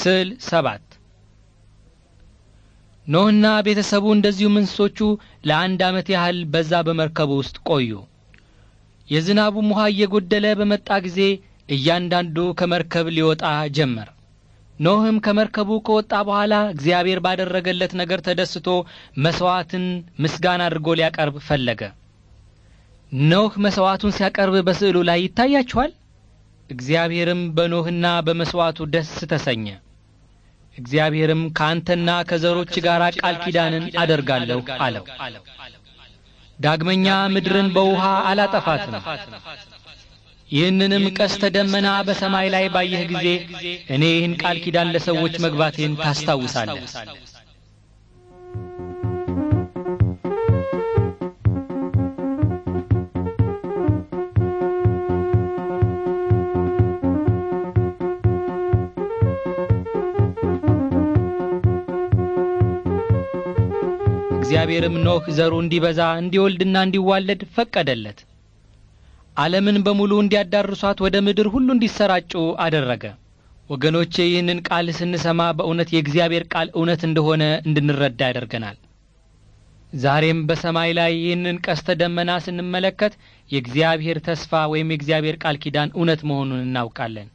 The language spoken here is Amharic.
ስዕል ሰባት ኖህና ቤተሰቡ እንደዚሁም እንስሶቹ ለአንድ ዓመት ያህል በዛ በመርከቡ ውስጥ ቆዩ የዝናቡም ውሃ እየጎደለ በመጣ ጊዜ እያንዳንዱ ከመርከብ ሊወጣ ጀመር ኖህም ከመርከቡ ከወጣ በኋላ እግዚአብሔር ባደረገለት ነገር ተደስቶ መሥዋዕትን ምስጋና አድርጎ ሊያቀርብ ፈለገ ኖህ መሥዋዕቱን ሲያቀርብ በስዕሉ ላይ ይታያችኋል እግዚአብሔርም በኖህና በመሥዋዕቱ ደስ ተሰኘ እግዚአብሔርም ከአንተና ከዘሮች ጋር ቃል ኪዳንን አደርጋለሁ አለው። ዳግመኛ ምድርን በውሃ አላጠፋትም። ይህንንም ቀስተ ደመና በሰማይ ላይ ባየህ ጊዜ እኔ ይህን ቃል ኪዳን ለሰዎች መግባቴን ታስታውሳለህ። እግዚአብሔርም ኖህ ዘሩ እንዲበዛ እንዲወልድና እንዲዋለድ ፈቀደለት። ዓለምን በሙሉ እንዲያዳርሷት ወደ ምድር ሁሉ እንዲሰራጩ አደረገ። ወገኖቼ ይህንን ቃል ስንሰማ በእውነት የእግዚአብሔር ቃል እውነት እንደሆነ እንድንረዳ ያደርገናል። ዛሬም በሰማይ ላይ ይህንን ቀስተ ደመና ስንመለከት የእግዚአብሔር ተስፋ ወይም የእግዚአብሔር ቃል ኪዳን እውነት መሆኑን እናውቃለን።